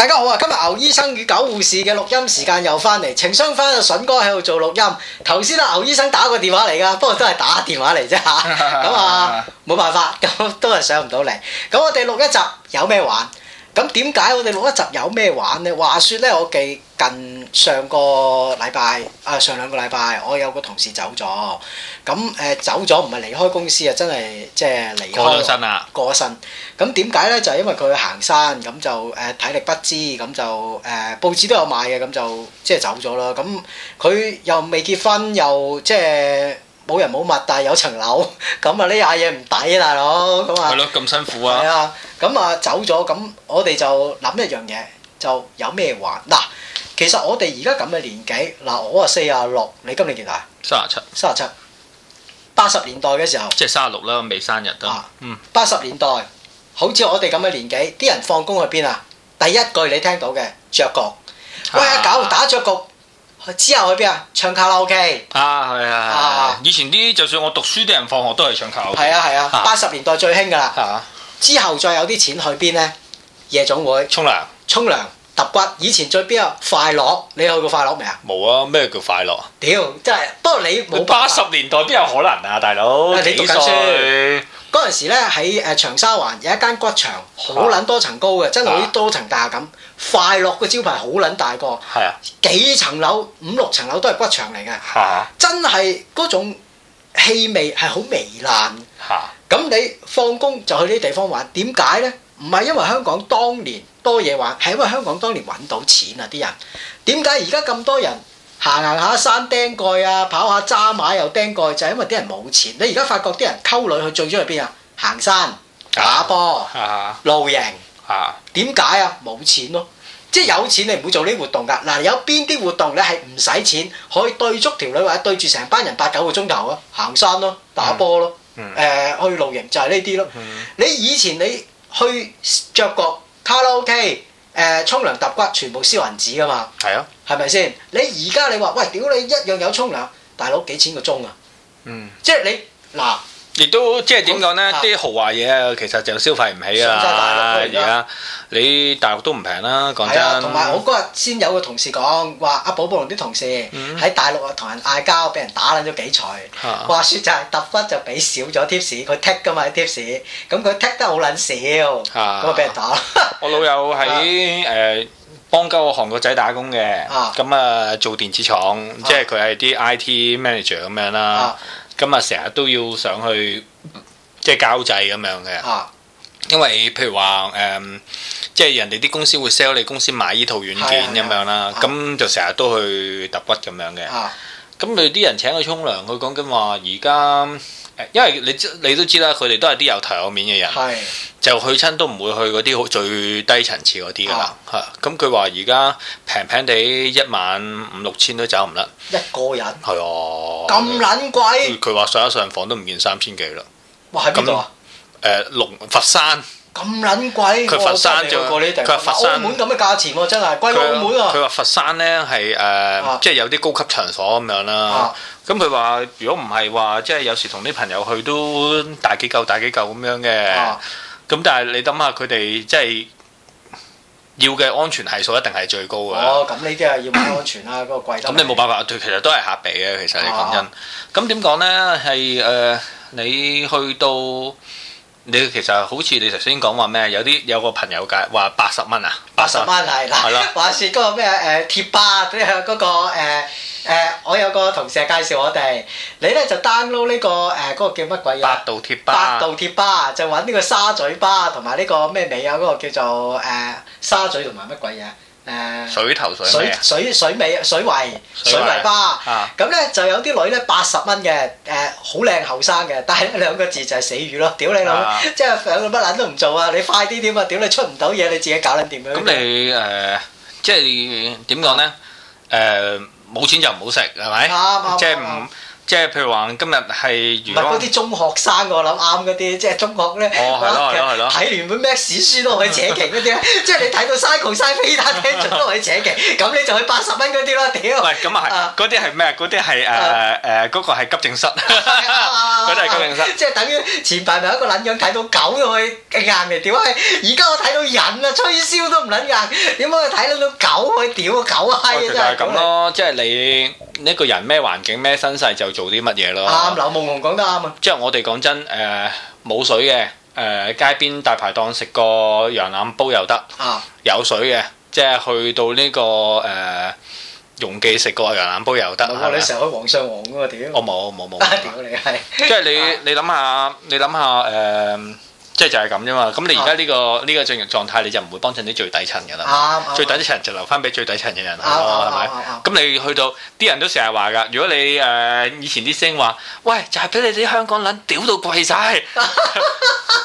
大家好啊！今日牛醫生與狗護士嘅錄音時間又翻嚟，情商翻阿筍哥喺度做錄音。頭先阿牛醫生打個電話嚟噶，不過都係打電話嚟啫吓，咁啊冇辦法，咁都係上唔到嚟。咁我哋錄一集有咩玩？咁點解我哋錄一集有咩玩咧？話說咧，我記近上個禮拜啊，上兩個禮拜我有個同事走咗。咁誒走咗唔係離開公司啊，真係即係離開咗身啊。過咗身。咁點解咧？就係因為佢行山，咁就誒體力不支，咁就誒報紙都有賣嘅，咁就即係走咗啦。咁佢又未結婚，又即係。冇人冇物，但係有層樓，咁啊呢下嘢唔抵啊，大佬，咁啊。係咯，咁辛苦啊。係啊，咁啊走咗，咁我哋就諗一樣嘢，就有咩玩？嗱，其實我哋而家咁嘅年紀，嗱我啊四啊六，你今年幾大啊？三啊七。三啊七。八十年代嘅時候。即係三啊六啦，未生日都。嗯。八十年代，好似我哋咁嘅年紀，啲人放工去邊啊？第一句你聽到嘅，雀局。喂阿狗，打雀局。之後去邊啊？唱卡拉 OK 啊，係啊，啊以前啲就算我讀書啲人放學都係唱卡拉 OK。係啊係啊，啊八十年代最興噶啦。啊、之後再有啲錢去邊咧？夜總會、沖涼、沖涼、揼骨。以前最邊啊？快樂，你去過快樂未啊？冇啊！咩叫快樂？屌，真係。不過你冇。八十年代邊有可能啊，大佬？啊、你讀書幾歲？嗰陣時咧喺誒，長沙灣有一間骨場，好撚多層高嘅，真係好似多層大廈咁。啊、快樂嘅招牌好撚大個，幾層樓五六層樓都係骨場嚟嘅，啊、真係嗰種氣味係好糜爛。咁、啊、你放工就去呢啲地方玩，點解呢？唔係因為香港當年多嘢玩，係因為香港當年揾到錢啊！啲人點解而家咁多人？行行下山釘蓋啊，跑下揸馬又釘蓋、啊，就係、是、因為啲人冇錢。你而家發覺啲人溝女去最中意邊啊？行山、打波、露營。點解啊？冇萌、啊啊、錢咯。即係有錢你唔會做呢啲活動㗎。嗱、啊，有邊啲活動你係唔使錢可以對足條女或者對住成班人八九個鐘頭啊？行山咯，打波咯，誒、嗯嗯、去露營就係呢啲咯。嗯、你以前你去着個卡拉 OK、呃、誒沖涼揼骨全部燒銀紙㗎嘛？係啊。係咪先？你而家你話喂，屌你一樣有沖涼，大佬幾錢個鐘啊？嗯，即係你嗱，亦都即係點講咧？啲豪華嘢啊，其實就消費唔起啊！大而家你大陸都唔平啦，講真。係啊，同埋我嗰日先有個同事講話，阿寶寶同啲同事喺大陸啊，同人嗌交，俾人打撚咗幾捶。話說就係揼骨就俾少咗貼士，佢 take 㗎嘛啲貼士。咁佢 take 得好撚少，咁啊俾人打。我老友喺誒。幫鳩個韓國仔打工嘅，咁啊做電子廠，啊、即係佢係啲 IT manager 咁樣啦，咁啊成日都要上去即係、就是、交際咁樣嘅，啊、因為譬如話誒、呃，即係人哋啲公司會 sell 你公司買依套軟件咁、啊、樣啦，咁、啊、就成日都去揼骨咁樣嘅，咁你啲人請佢沖涼，佢講緊話而家。因為你知你都知啦，佢哋都係啲有頭有面嘅人，的就去親都唔會去嗰啲好最低層次嗰啲啦嚇。咁佢話而家平平地一晚五六千都走唔甩，一個人，係啊，咁撚貴。佢話的上一上房都唔見三千幾啦。哇！喺邊度啊？誒，龍佛山。咁撚貴，佢佛山做仲佢話佛山，澳門咁嘅價錢喎、啊，真係貴過澳門佢、啊、話佛山咧係誒，呃啊、即係有啲高級場所咁樣啦、啊。咁佢話如果唔係話，即係有時同啲朋友去都大幾嚿大幾嚿咁樣嘅。咁、啊、但係你諗下，佢哋即係要嘅安全係數一定係最高嘅、啊。哦，咁呢啲係要安全啦、啊，嗰 個貴。咁你冇辦法，其實都係客俾嘅。其實你講真、啊啊，咁點講咧？係誒、呃，你去到。你其實好似你頭先講話咩？有啲有個朋友介話八十蚊啊，八十蚊係啦，是了話說嗰個咩誒貼吧，嗰、呃那個誒、呃呃、我有個同事介紹我哋，你咧就 download 呢、這個誒嗰、呃那個叫乜鬼嘢、啊？百度貼百度貼吧，就揾呢個沙嘴吧，同埋呢個咩尾啊嗰個叫做誒、呃、沙嘴同埋乜鬼嘢、啊？誒，水頭水水水尾水圍水圍巴，咁咧就有啲女咧，八十蚊嘅，誒好靚後生嘅，但係兩個字就係死魚咯，屌你老，即係乜撚都唔做啊！你快啲點啊！屌你出唔到嘢，你自己搞撚點樣？咁你誒即係點講咧？誒冇錢就唔好食係咪？即係唔。即係譬如話，今日係唔係嗰啲中學生我諗啱嗰啲，即係中學咧。哦，係咯，係咯，睇連本咩史書都可以扯旗嗰啲，即係你睇到西遊西飛打天搶都可以扯旗，咁你就去八十蚊嗰啲咯，屌！喂，咁啊係，嗰啲係咩？嗰啲係誒誒，嗰個係急症室，嗰啲係急症室。即係等於前排咪一個撚樣睇到狗都可以硬嘅，屌啊！而家我睇到人啊，吹簫都唔撚硬，點解我睇到到狗可以屌狗閪啊！就係咁咯，即係你呢個人咩環境咩身世就。做啲乜嘢咯？啱，劉夢紅講得啱啊！啊，即係我哋講真，誒、呃、冇水嘅，誒、呃、喺街邊大排檔食個羊腩煲又得；啊、有水嘅，即係去到呢、這個誒、呃、容記食個羊腩煲又得。啊、吧你成日開皇上皇噶嘛屌！我冇冇冇屌你係！即係你你諗下，你諗下誒。呃即係就係咁啫嘛，咁你而家呢個呢個進入狀態，你就唔會幫襯啲最底層嘅啦。最底層就留翻俾最底層嘅人係咪？咁你去到啲人都成日話噶，如果你誒以前啲聲話，喂，就係俾你啲香港撚屌到貴晒！」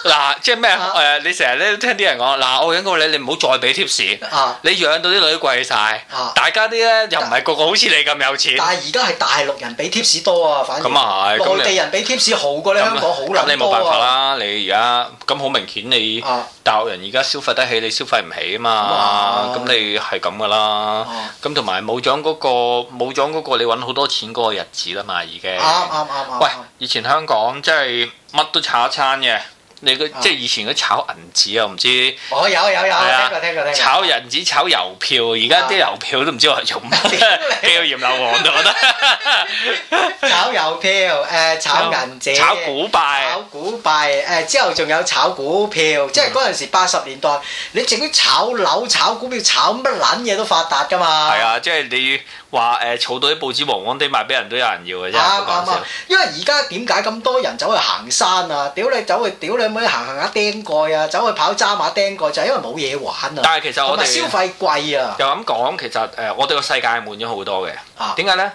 嗱，即係咩誒？你成日咧聽啲人講，嗱，我警告你，你唔好再俾 tips。啊，你養到啲女貴晒。大家啲咧又唔係個個好似你咁有錢。但係而家係大陸人俾 tips 多啊，反咁啊係。內地人俾 tips 好過你香港好撚多啊。咁你冇辦法啦，你而家。咁好明顯，你大陸人而家消費得起，你消費唔起啊嘛。咁、啊、你係咁噶啦。咁同埋冇咗嗰個，冇咗嗰個，你揾好多錢嗰個日子啦嘛，已經。啱啱啱啱。啊啊、喂，啊、以前香港即係乜都炒一餐嘅。你個即係以前嗰炒銀紙、哦、啊，我唔知我有有有聽過聽過聽過炒銀紙炒郵票，而家啲郵票都唔知話用乜嘢，叫鹽 油王都覺得炒郵票誒、呃，炒銀紙炒古幣，炒古幣誒、呃，之後仲有炒股票，即係嗰陣時八十年代，嗯、你淨係炒樓、炒股票、炒乜撚嘢都發達㗎嘛？係啊，即、就、係、是、你。話誒，儲、呃、到啲報紙黃黃地賣俾人都有人要嘅啫。啊嘛嘛，因為而家點解咁多人走去行山啊？屌你走去屌你，咪行行下釘蓋啊！走去、啊、跑渣馬釘蓋就係因為冇嘢玩啊。但係其實我哋消費貴啊。就咁講，其實誒、呃，我哋個世界係滿咗好多嘅。啊呢，點解咧？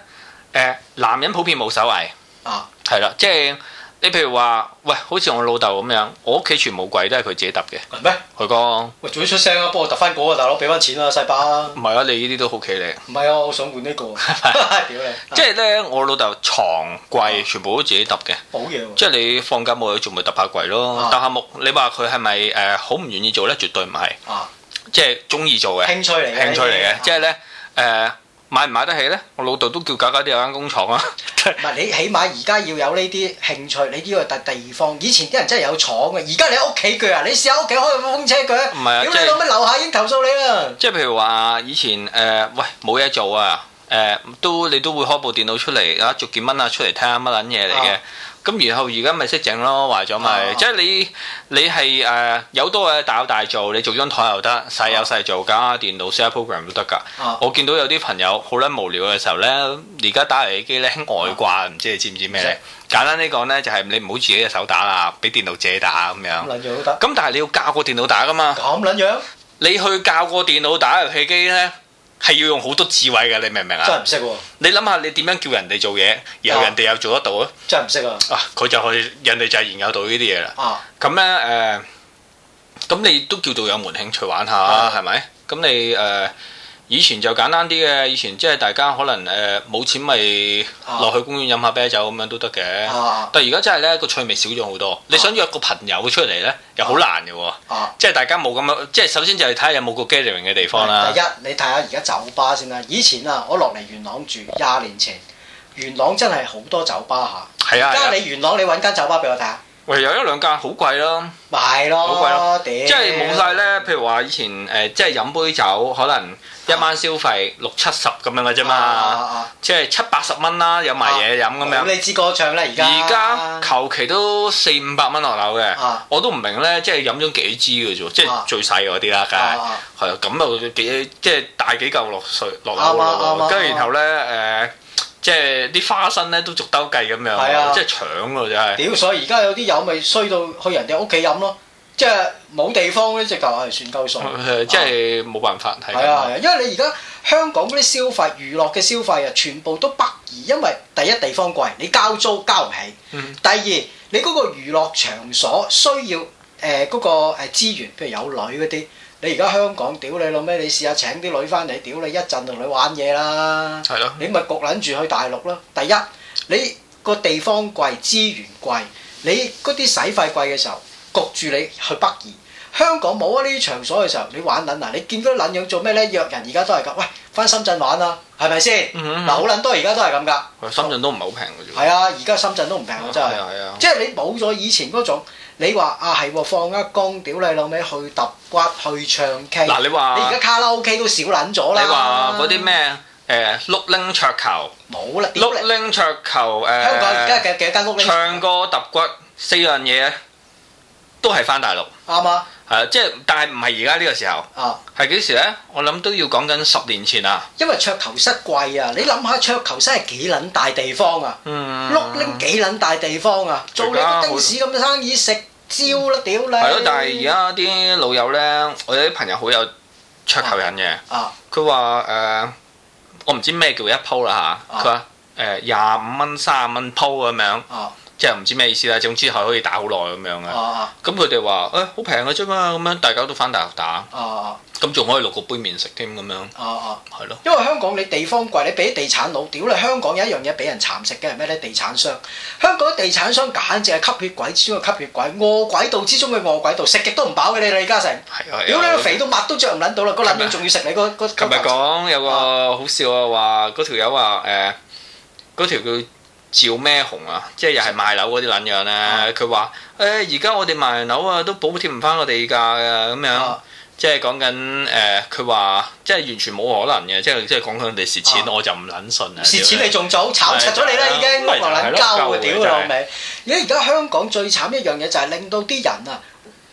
誒，男人普遍冇所謂。啊，係啦，即係。你譬如話，喂，好似我老豆咁樣，我屋企全部櫃都係佢自己揼嘅，係咩？佢講喂，最出聲啊，幫我揼翻個大佬，俾翻錢啦，細巴。唔係啊，你呢啲都好企理。唔係啊，我想換呢個。即係咧，我老豆床櫃全部都自己揼嘅，好嘢喎。即係你放假冇嘢做咪揼下櫃咯，揼下木。你話佢係咪誒好唔願意做咧？絕對唔係。啊，即係中意做嘅。興趣嚟嘅，興趣嚟嘅。即係咧，誒。買唔買得起呢？我老豆都叫搞搞啲有間工廠啊 唔係，你起碼而家要有呢啲興趣，你呢個特地方。以前啲人真係有廠嘅，而家你喺屋企鋸啊！你試下屋企開部風車鋸，唔係啊！你攞乜樓下已經投訴你啦！即係譬如話以前誒，呃，喂冇嘢做啊，誒，呃，都你都會開部電腦出嚟啊，逐件掹下出嚟睇下乜撚嘢嚟嘅。咁然後而家咪識整咯，壞咗咪。即係你你係誒有多嘅大有大做，你做張台又得，細有細做噶。電腦寫 program 都得噶。我見到有啲朋友好撚無聊嘅時候咧，而家打遊戲機咧，外掛，唔知你知唔知咩咧？簡單啲講咧，就係你唔好自己隻手打啦，俾電腦借打咁樣。咁樣都得。咁但係你要教個電腦打噶嘛？咁撚樣？你去教個電腦打遊戲機咧？係要用好多智慧嘅，你明唔明啊？真係唔識喎！你諗下，你點樣叫人哋做嘢，然後人哋又做得到咧、啊？真係唔識啊！啊，佢就係人哋就係研究到、啊、呢啲嘢啦。咁咧誒，咁你都叫做有門興趣玩下啦，係咪、啊？咁你誒。呃以前就簡單啲嘅，以前即係大家可能誒冇、呃、錢咪落去公園飲下啤酒咁、啊、樣都得嘅。啊、但係而家真係咧個趣味少咗好多，啊、你想約一個朋友出嚟咧、啊、又好難嘅喎。啊、即係大家冇咁樣，即係首先就係睇下有冇個 gathering 嘅地方啦。第一，你睇下而家酒吧先啦。以前啊，我落嚟元朗住廿年前，元朗真係好多酒吧嚇。而家你元朗你揾間酒吧俾我睇下。有一兩間好貴咯，買咯，好貴咯，即係冇晒咧。譬如話以前誒，即係飲杯酒，可能一晚消費六七十咁樣嘅啫嘛，即係七八十蚊啦，有埋嘢飲咁樣。咁你知個帳咧而家？而家求其都四五百蚊落樓嘅，我都唔明咧，即係飲咗幾支嘅啫，即係最細嗰啲啦，梗係係啊，咁又幾即係大幾嚿落水落樓跟住然後咧誒。即係啲花生咧都逐兜計咁樣，啊、即係搶咯，就係。屌！所以而家有啲友咪衰到去人哋屋企飲咯，即係冇地方咧，直頭係算鳩數。嗯啊、即係冇辦法睇係啊係啊，因為你而家香港嗰啲消費、娛樂嘅消費啊，全部都不宜，因為第一地方貴，你交租交唔起；嗯、第二你嗰個娛樂場所需要誒嗰、呃嗰個誒資源，譬如有女嗰啲。你而家香港屌你老咩？你試下請啲女翻嚟，屌你一陣同你玩嘢啦！係咯，你咪焗撚住去大陸咯。第一，你個地方貴，資源貴，你嗰啲使費貴嘅時候，焗住你去北移。香港冇啊，呢啲場所嘅時候，你玩撚嗱，你見到撚樣做咩咧？約人而家都係咁，喂，翻深圳玩啊，係咪先？嗱，好撚多而家都係咁噶。深圳都唔係好平嘅啊，而家深圳都唔平嘅真係。即係你冇咗以前嗰種。你話啊，係放一工，屌你老味，去揼骨，去唱 K。嗱，你話你而家卡拉 OK 都少撚咗啦。你話嗰啲咩誒，碌拎桌球冇啦，碌拎桌球誒。香港而家幾幾多間碌拎咧？唱歌、揼骨四樣嘢都係翻大陸。啱啊。係即係，但係唔係而家呢個時候。啊。係幾時咧？我諗都要講緊十年前啊。因為桌球室貴啊，你諗下桌球室係幾撚大地方啊？碌拎幾撚大地方啊？做你啲丁士咁嘅生意食。招啦屌你！係咯，嗯，但係而家啲老友呢，我有啲朋友好有噱頭癮嘅。佢話誒，我唔知咩叫一鋪啦，啊、嚇。佢話誒，廿五蚊，三十蚊鋪咁、啊、樣。啊。即係唔知咩意思啦，總之係可以打好耐咁樣嘅。咁佢哋話，誒好平嘅啫嘛，咁樣大家都翻大陸打。咁仲可以落個杯麪食添咁樣。係咯，因為香港你地方貴，你俾啲地產佬屌你！香港有一樣嘢俾人蠶食嘅係咩咧？地產商，香港地產商簡直係吸血鬼之中嘅吸血鬼，餓鬼道之中嘅餓鬼道，食極都唔飽嘅你李嘉誠。屌你肥到擘都著唔撚到啦，個撚面仲要食你嗰嗰。琴日講有個好笑啊，話嗰條友話誒，嗰條叫。照咩紅啊！即係又係賣樓嗰啲撚樣咧，佢話、啊：誒而家我哋賣樓啊，都補貼唔翻個地價㗎咁樣。啊、即係講緊誒，佢、呃、話即係完全冇可能嘅，即係即係講緊佢哋蝕錢，啊、我就唔撚信啊！蝕錢你仲早、就是、炒柒咗你啦，已經撲落撚鳩嘅屌老味！而家、就是、香港最慘一樣嘢就係令到啲人啊！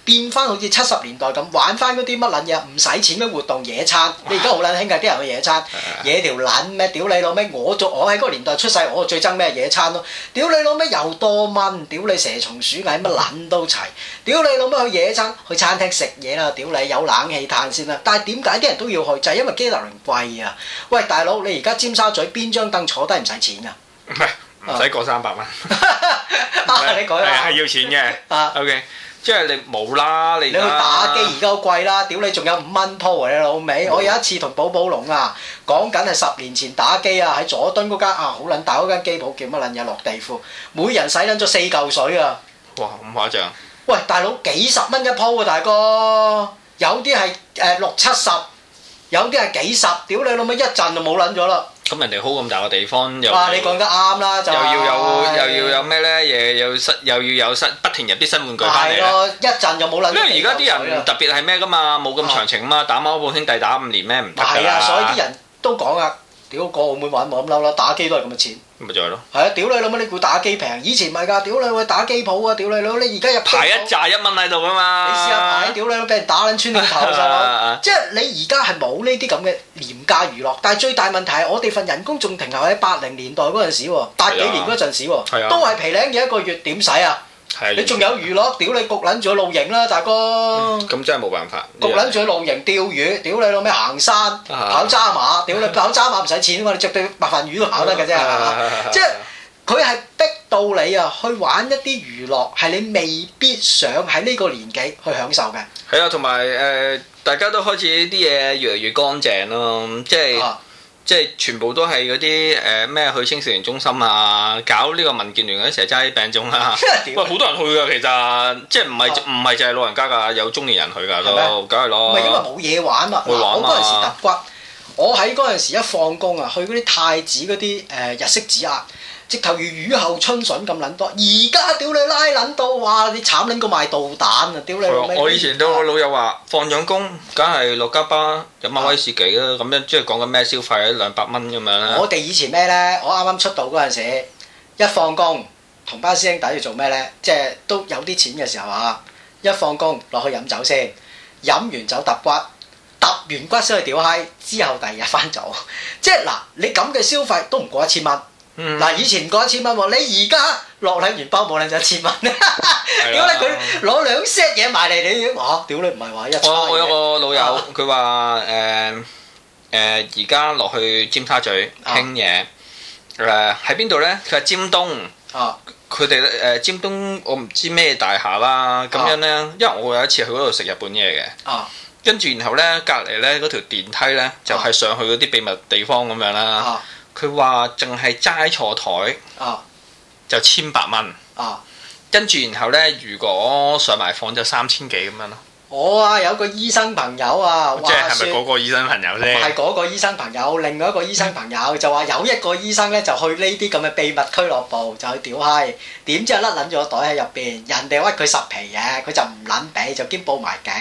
變翻好似七十年代咁，玩翻嗰啲乜撚嘢，唔使錢嘅活動野餐。你而家好撚興噶，啲人去野餐，哇野條撚咩？屌你老咩！我做我喺嗰個年代出世，我最憎咩野餐咯。屌你老咩又多蚊，屌你蛇蟲鼠蟻乜撚都齊，屌你老咩去野餐去餐廳食嘢啦！屌你有冷氣嘆先啦。但係點解啲人都要去？就係、是、因為機油亂貴啊！喂，大佬你而家尖沙咀邊張凳坐低唔使錢啊？唔係唔使過三百蚊。你改啦。係要錢嘅。啊 O K。即係你冇啦，你，你去打機而家好貴啦，屌你仲有五蚊鋪啊！你老味，嗯、我有一次同寶寶龍啊，講緊係十年前打機啊，喺佐敦嗰間啊好撚大嗰間機鋪叫乜撚嘢落地庫，每人使撚咗四嚿水啊！哇，咁誇張！喂，大佬幾十蚊一鋪喎、啊，大哥，有啲係誒六七十，呃、六七十，有啲係幾十，屌你老味，一陣就冇撚咗啦～咁人哋好咁大個地方又，啊，你講得啱啦，又要有，哎、呀 又要有咩咧？嘢有新又要有新，不停入啲新玩具翻嚟。係咯，一陣就冇啦。因為而家啲人特別係咩噶嘛？冇咁長情啊嘛！打孖寶兄弟打五年咩唔得㗎？係啊，所以啲人都講啊。屌，個澳門玩冇咁嬲啦，打機都係咁嘅錢，咪就係咯。係啊，屌你老母你估打機平？以前咪㗎，屌你去打機鋪啊！屌你老，你而家又排一揸一蚊喺度㗎嘛。你試下排，屌你老，俾人打撚穿 吧你頭曬。即係你而家係冇呢啲咁嘅廉價娛樂，但係最大問題係我哋份人工仲停留喺八零年代嗰陣時喎，八幾年嗰陣時喎，的都係皮零嘅一個月點使啊！你仲有娛樂？屌你焗撚住去露營啦，大哥！咁、嗯嗯、真係冇辦法，焗撚住去露營釣魚，屌你老味行山跑揸馬，屌、啊、你、啊、跑揸馬唔使錢，你著對白飯魚都跑得㗎啫，即係佢係逼到你啊，去玩一啲娛樂係你未必想喺呢個年紀去享受嘅。係啊，同埋誒，大家都開始啲嘢越嚟越乾淨咯，即係。即係全部都係嗰啲誒咩去青少年中心啊，搞呢個民建聯嗰成日揸啲病種啊，喂， 好多人去㗎其實，即係唔係唔係就係老人家㗎，有中年人去㗎都，梗係咯。唔係因為冇嘢玩啊，我嗰陣時揼骨，我喺嗰陣時一放工啊，去嗰啲太子嗰啲誒日式指壓。直頭如雨後春筍咁撚多，而家屌你拉撚到，話你慘撚個賣導彈啊，屌你！我以前都我老友話放養工，梗係落加八，飲下威士忌啦，咁、啊、樣即係講緊咩消費啊？兩百蚊咁樣啦。我哋以前咩咧？我啱啱出道嗰陣時，一放工，同班師兄弟做咩咧？即係都有啲錢嘅時候啊！一放工落去飲酒先，飲完酒揼骨，揼完骨先去屌嗨，之後第二日翻做。即係嗱，你咁嘅消費都唔過一千蚊。嗱，嗯、以前唔過一千蚊喎，你而家落嚟完包冇一千蚊 的，屌你佢攞兩 set 嘢賣嚟你，嚇！屌你唔係話一？我我有個老友，佢話誒誒而家落去尖沙咀傾嘢，誒喺邊度咧？佢話、啊呃、尖東，佢哋誒尖東我唔知咩大廈啦，咁樣咧，啊、因為我有一次去嗰度食日本嘢嘅，跟住、啊、然後咧隔離咧嗰條電梯咧就係上去嗰啲秘密地方咁樣啦。啊啊佢話：淨係齋坐台啊，就千八蚊啊，跟住然後咧，如果上埋房就三千幾咁樣咯。我啊有個醫生朋友啊，即係係咪嗰個醫生朋友咧？唔係嗰個醫生朋友，另外一個醫生朋友就話有一個醫生咧，就去呢啲咁嘅秘密俱樂部，就去屌閪，點知甩撚咗個袋喺入邊，人哋屈佢十皮嘅，佢就唔撚俾，就兼報埋警。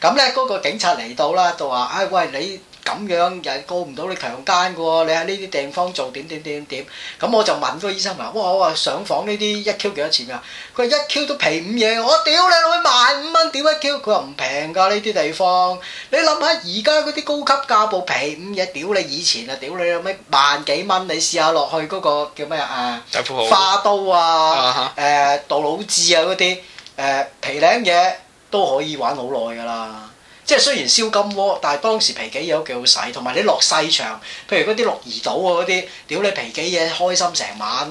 咁咧嗰個警察嚟到啦，就話：，啊，喂你。咁樣又告唔到你強奸嘅喎，你喺呢啲地方做點點點點，咁我就問個醫生話：，哇！我話上房呢啲一 Q 幾多錢㗎？佢話一 Q 都皮五嘢，我屌你老妹萬五蚊，屌一 Q？佢話唔平㗎呢啲地方。你諗下而家嗰啲高級架步皮五嘢，屌你以前啊，屌你咩萬幾蚊？你試下落去嗰、嗰個叫咩啊？花都啊，誒杜、啊哈 呃、魯治啊嗰啲，誒、呃、皮領嘢都可以玩好耐㗎啦。即係雖然燒金鍋，但係當時皮幾嘢都幾好使，同埋你落細場，譬如嗰啲鹿兒島嗰啲，屌你皮幾嘢開心成晚啊！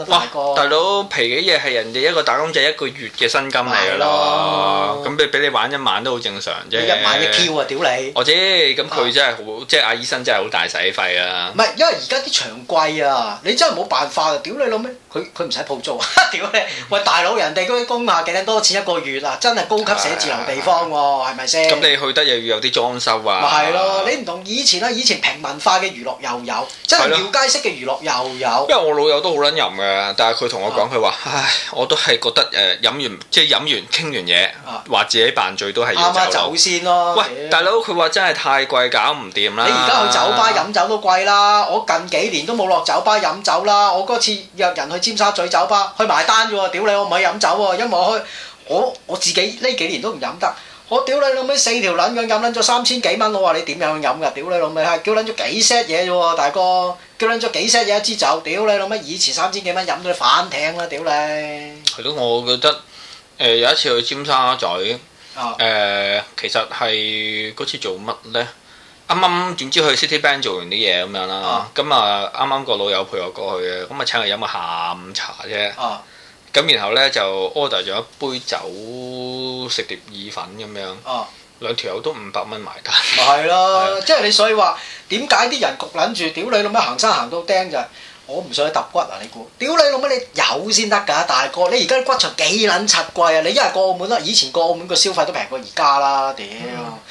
大佬皮幾嘢係人哋一個打工仔一個月嘅薪金嚟咯，咁俾俾你玩一晚都好正常啫。一晚一票啊，屌你！或者咁佢真係好，即係阿醫生真係好大使費啊！唔係因為而家啲場貴啊，你真係冇辦法啊！屌你老咩？佢佢唔使鋪租啊！屌你！喂，大佬人哋嗰啲工價幾多錢一個月啊？真係高級寫字樓地方喎，係咪先？咁你去得又？要有啲裝修啊！咪係咯，你唔同以前啦，以前平民化嘅娛樂又有，即係廟街式嘅娛樂又有。因為我老友都好撚飲㗎，但係佢同我講，佢話、啊，唉，我都係覺得誒、呃、飲完，即係飲完傾完嘢，話、啊、自己扮醉都係要走、啊、走先咯。喂，的大佬，佢話真係太貴，搞唔掂啦！你而家去酒吧飲酒都貴啦，我近幾年都冇落酒吧飲酒啦。我嗰次約人去尖沙咀酒吧去埋單啫喎，屌你，我唔係飲酒喎，因為我去我我，我自己呢幾年都唔飲得。我屌你老味四條撚樣飲撚咗三千幾蚊，我話你點樣去飲噶？屌你老味，叫撚咗幾 set 嘢啫喎，大哥叫撚咗幾 set 嘢一支酒？屌你老味，以前三千幾蚊飲到反艇啦！屌你。係咯，我覺得誒、呃、有一次去尖沙咀誒、呃，其實係嗰次做乜咧？啱啱點知去 City Bank 做完啲嘢咁樣啦？咁啊啱啱個老友陪我過去嘅，咁啊請佢飲個下午茶啫。啊咁然後咧就 order 咗一杯酒，食碟意粉咁樣，兩條友都五百蚊埋單。咪係咯，即 係樂、就是、你所以話點解啲人焗撚住屌你老母行山行到釘就？我唔想揼骨啊！你估？屌你老母！你有先得㗎，大哥！你而家啲骨材幾撚柒貴啊？你一係過澳門啦、啊，以前過澳門個消費都平過而家啦，屌！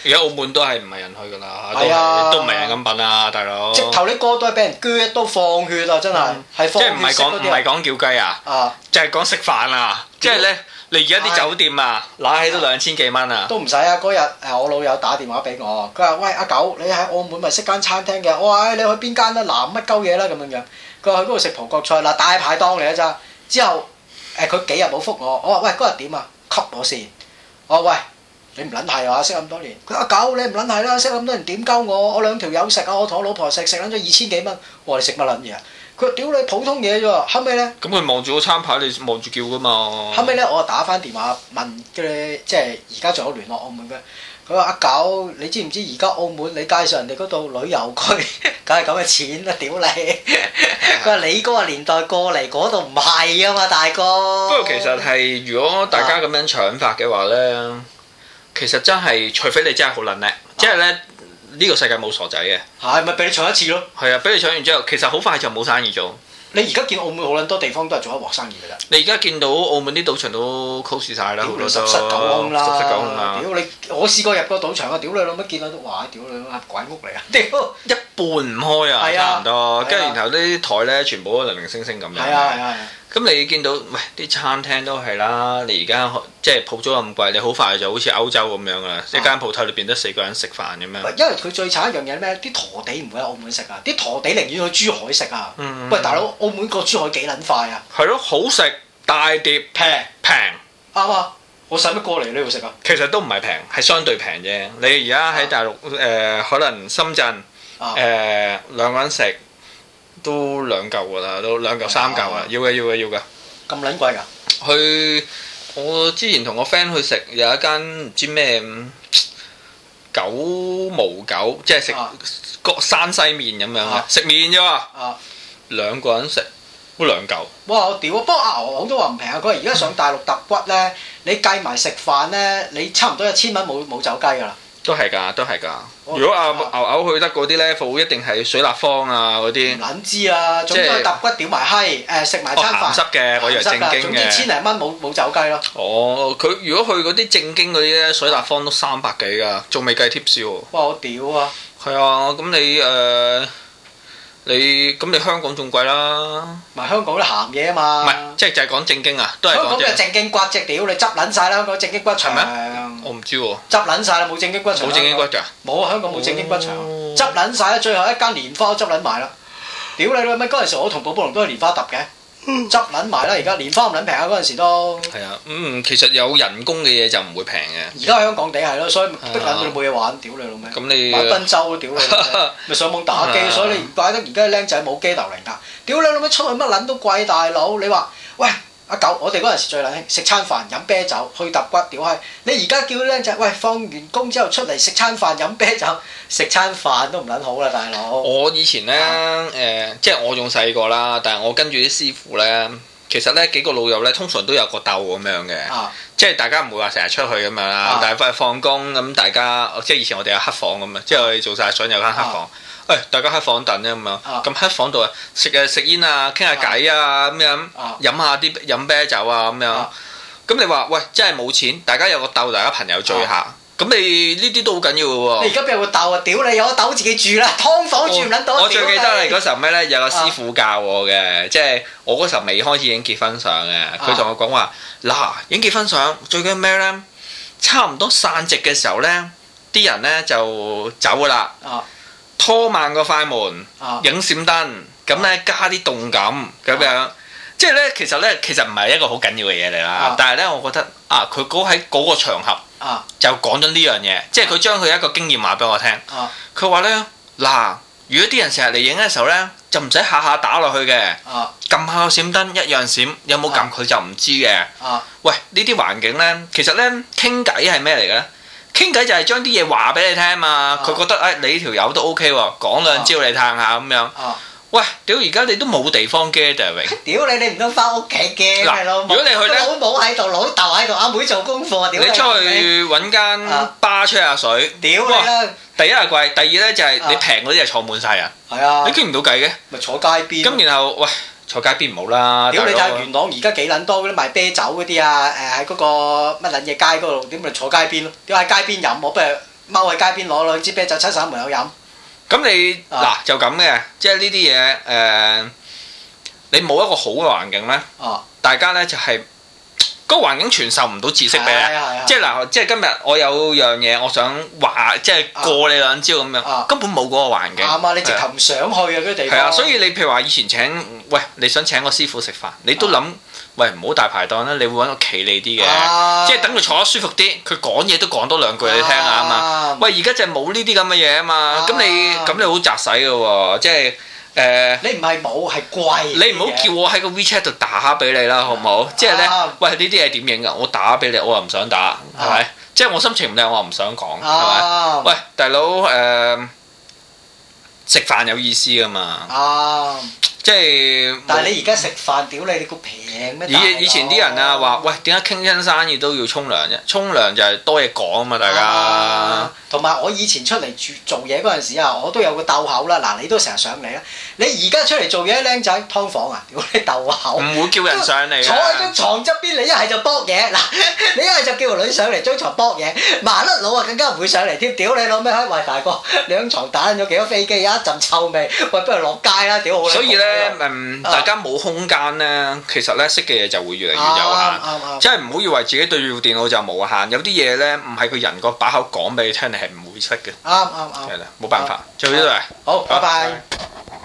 而家、嗯、澳門都係唔係人去㗎啦、啊，都係都唔係人咁品啦、啊，大佬！直頭你過都係俾人鋸都放血啊！真係、嗯、放血即係唔係講唔係講叫雞啊？啊！就係講食飯啊！啊即係咧，你而家啲酒店啊，揦起都兩千幾蚊啊！都唔使啊！嗰日我老友打電話俾我，佢話：喂，阿狗，你喺澳門咪識間餐廳嘅？喂，你去邊間啦？嗱、啊，乜鳩嘢啦？咁樣樣。佢話去嗰度食葡國菜嗱，大排檔嚟嘅咋？之後誒佢、呃、幾日冇覆我，我話喂，嗰日點啊？吸我先。我話喂，你唔撚係啊？識咁多年，佢阿狗，你唔撚係啦？識咁多年點鳩我？我兩條友食啊，我同我老婆食食撚咗二千幾蚊。我話你食乜撚嘢啊？佢話屌你普通嘢啫。後尾咧，咁佢望住個餐牌，你望住叫噶嘛？後尾咧，我打返電話問嘅，即係而家仲有聯絡我問佢。佢話：阿九，你知唔知而家澳門你介紹人哋嗰度旅遊區笑笑，梗係咁嘅錢啦！屌 你！ 佢話你嗰個年代過嚟嗰度唔係啊嘛，大哥。不過其實係，如果大家咁樣搶法嘅話呢，其實真係，對除非你真係好撚叻，即係咧呢個世界冇傻仔嘅。係咪俾你搶一次咯？係啊，俾你搶完之後，其實好快就冇生意做。你而家見澳門好撚多地方都係做一鑊生意㗎啦。你而家見到澳門啲賭場都 close 晒啦，好多數，十十九空啦，屌你！我試過入過賭場啊，屌你老乜見到都話，屌你啊，鬼屋嚟啊！屌 一半唔開啊，啊差唔多。跟住、啊、然後啲台呢，全部都零零星星咁樣。咁你見到喂啲餐廳都係啦，你而家即係鋪租咁貴，你好快就好似歐洲咁樣啦，啊、一間鋪頭裏邊得四個人食飯咁樣、啊。因為佢最慘一樣嘢咩？啲陀地唔會喺澳門食啊，啲陀地寧願去珠海食啊。喂、嗯，大佬，澳門過珠海幾撚快啊？係咯，好食大碟平平，啱啊！我使乜過嚟呢度食啊？其實都唔係平，係相對平啫。你而家喺大陸誒、呃，可能深圳誒兩個人食。都兩嚿㗎啦，都兩嚿三嚿啊！要嘅要嘅要㗎。咁撚貴㗎？去我之前同個 friend 去食，有一間唔知咩九毛九，即係食個山西麵咁樣嘅，食麵啫喎。啊，啊兩個人食，都兩嚿。哇！我屌啊，不過牛牛都話唔平啊，佢話而家上大陸揼骨呢， 你計埋食飯呢，你差唔多一千蚊冇冇走雞㗎啦。都係噶，都係噶。哦、如果阿、啊、的牛牛去得嗰啲 level，服務一定係水立方啊嗰啲。冷知啊，總之要揼骨屌埋閪，誒食埋餐飯。哦，唔濕嘅，我以為正經嘅。仲要千零蚊冇冇走雞咯。哦，佢如果去嗰啲正經嗰啲咧，水立方都三百幾㗎，仲未的計 tips 喎。哇！好屌啊。係啊，咁你誒？呃你咁你香港仲貴啦，埋香港啲鹹嘢啊嘛，唔係即係就係講正經啊，都係講正經刮只屌，你執撚曬啦，香港正經骨場咩？我唔知喎，執撚曬啦，冇正經骨場，冇正經骨㗎，冇啊香港冇正經骨場，執撚曬啦，最後一間蓮花都執撚埋啦，屌你老味，乜嗰陣時我同寶寶龍都係蓮花揼嘅。執撚埋啦！而家連花都唔撚平啊！嗰陣時都係啊，嗯，其實有人工嘅嘢就唔會平嘅。而家香港地係咯，所以逼撚佢冇嘢玩，屌你老味！咁、嗯、你買賓州都屌你，咪 上網打機。所以你怪得而家僆仔冇機頭嚟㗎，屌你老味！出去乜撚都貴，大佬，你話？啊、我哋嗰陣時最撚興食餐飯飲啤酒去揼骨，屌閪！你而家叫僆仔，喂，放完工之後出嚟食餐飯飲啤酒，食餐飯都唔撚好啦，大佬。我以前呢，誒、啊呃，即係我仲細個啦，但係我跟住啲師傅呢，其實呢幾個老友呢，通常都有個鬥咁樣嘅，啊、即係大家唔會話成日出去咁樣啦。啊、但係返去放工咁，大家即係以前我哋有黑房咁啊，嗯嗯、即係我哋做晒相有間黑房。喂，大家喺房等啊咁樣，咁喺房度啊，食啊食煙啊，傾下偈啊，咁樣飲下啲飲啤酒啊，咁樣。咁你話喂，真係冇錢，大家有個斗，大家朋友聚下。咁你呢啲都好緊要嘅喎。你而家邊有個斗啊，屌你，有個斗自己住啦，劏房住唔捻到。我最記得你嗰時候咩咧？有個師傅教我嘅，即係我嗰時候未開始影結婚相嘅，佢同我講話嗱，影結婚相最緊咩咧？差唔多散席嘅時候咧，啲人咧就走噶啦。拖慢個快門，影閃燈，咁咧加啲動感，咁樣，即係咧其實咧其實唔係一個好緊要嘅嘢嚟啦。但係咧，我覺得啊，佢嗰喺嗰個場合，就講咗呢樣嘢，即係佢將佢一個經驗話俾我聽。佢話咧嗱，如果啲人成日嚟影嘅時候咧，就唔使下下打落去嘅，撳下個閃燈一樣閃，有冇撳佢就唔知嘅。喂，呢啲環境咧，其實咧傾偈係咩嚟嘅咧？傾偈就係將啲嘢話俾你聽啊嘛，佢覺得誒你呢條友都 OK 喎，講兩招你嘆下咁樣。喂，屌而家你都冇地方 get 游泳，屌你你唔通返屋企嘅，老母老母喺度，老豆喺度，阿妹做功課，屌你。你出去揾間巴吹下水，屌你啦！第一係貴，第二呢就係你平嗰啲係坐滿晒人，係啊，你傾唔到偈嘅，咪坐街邊。咁然後喂。坐街邊唔好啦，如果闆哥你就係元朗而家幾撚多嗰啲賣啤酒嗰啲啊！誒喺嗰個乜撚嘢街嗰度，點咪坐街邊咯？屌喺街邊飲，我不如踎喺街邊攞兩支啤酒，親手門口飲。咁你嗱就咁嘅，即係呢啲嘢誒，你冇一個好嘅環境咧，啊、大家咧就係、是。個環境傳授唔到知識俾你， 即係嗱，即係今日我有樣嘢我想話，即係過你兩招咁樣，啊、根本冇嗰個環境。啱啊，你直頭唔想去啊嗰啲地方。係啊，所以你譬如話以前請，喂，你想請個師傅食飯，你都諗，啊、喂，唔好大排檔啦，你會搵個企理啲嘅，啊、即係等佢坐得舒服啲，佢講嘢都講多兩句你聽下啊嘛。喂，而家就冇呢啲咁嘅嘢啊嘛，咁你咁、啊、你好宅使嘅喎，即、就、係、是。誒，呃、你唔係冇，係貴。你唔好叫我喺個 WeChat 度打俾你啦，好唔好？即係咧，啊、喂，呢啲嘢係點影噶？我打俾你，我又唔想打，係咪。即係、啊、我心情唔靚，我又唔想講。係咪、啊？喂，大佬誒，食、呃、飯有意思噶嘛？即係、啊，但係你而家食飯屌你，你個皮！以以前啲人啊話，喂，點解傾親生意都要沖涼啫？沖涼就係多嘢講啊嘛！啊大家。同埋、啊、我以前出嚟住做嘢嗰陣時啊，我都有個鬥口啦。嗱、啊，你都成日上嚟啦。你而家出嚟做嘢，僆仔劏房啊！屌你鬥口，唔會叫人上嚟。坐喺張床側邊，你一係就博嘢。嗱、啊，你一係就叫個女上嚟張床博嘢。麻甩佬啊，更加唔會上嚟添。屌你老咩閪！喂，大哥，兩床打爛咗幾多個飛機啊？一陣臭味。喂、啊，不如落街啦！屌，好，所以咧，大家冇空間咧，其實認識嘅嘢就會越嚟越有限，啊啊啊、即係唔好以為自己對住部電腦就冇限。有啲嘢呢，唔係佢人個把口講俾你聽，你係唔會識嘅。啱啱啱。係、啊、啦，冇辦法。就呢度啦。啊、好，拜拜好。Bye bye